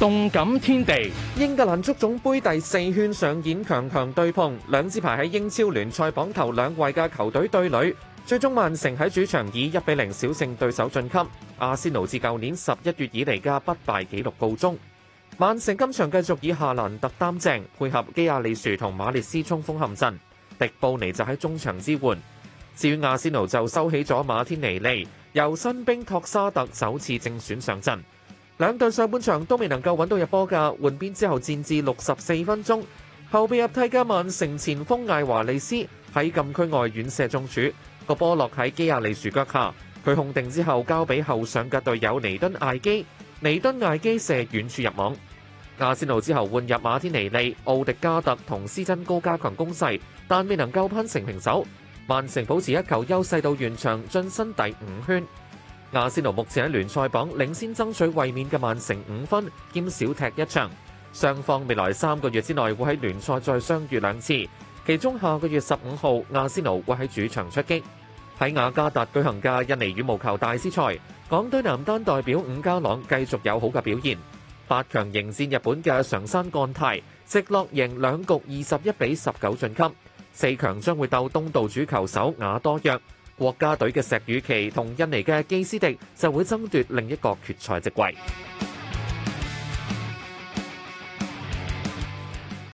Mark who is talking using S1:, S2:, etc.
S1: 動感天地，英格蘭足總盃第四圈上演強強對碰，兩支排喺英超聯賽榜頭兩位嘅球隊對壘，最終曼城喺主場以一比零小勝對手晉級。阿仙奴自舊年十一月以嚟嘅不敗紀錄告終。曼城今場繼續以夏蘭特擔正，配合基亞利殊同馬列斯衝鋒陷陣，迪布尼就喺中場支援。至於阿仙奴就收起咗馬天尼利，由新兵托沙特首次正選上陣。兩隊上半場都未能夠揾到入波嘅，換邊之後戰至六十四分鐘，後備入替嘅曼城前鋒艾華利斯喺禁區外遠射中柱，個波落喺基亞利殊腳下，佢控定之後交俾後上嘅隊友尼敦艾基，尼敦艾基射遠柱入網。阿仙奴之後換入馬天尼利、奧迪加特同斯珍高加強攻勢，但未能夠扳成平手。曼城保持一球優勢到完場，晉身第五圈。亞斯奴目前喺聯賽榜領先爭取衛冕嘅曼城五分，兼少踢一場。雙方未來三個月之內會喺聯賽再相遇兩次，其中下個月十五號阿仙奴會喺主場出擊。喺雅加達舉行嘅印尼羽毛球大師賽，港隊男單代表伍家朗繼續有好嘅表現，八強迎戰日本嘅常山幹太，直落贏兩局二十一比十九晉級，四強將會鬥東道主球手瓦多約。國家隊嘅石宇奇同印尼嘅基斯迪就會爭奪另一個決賽席位。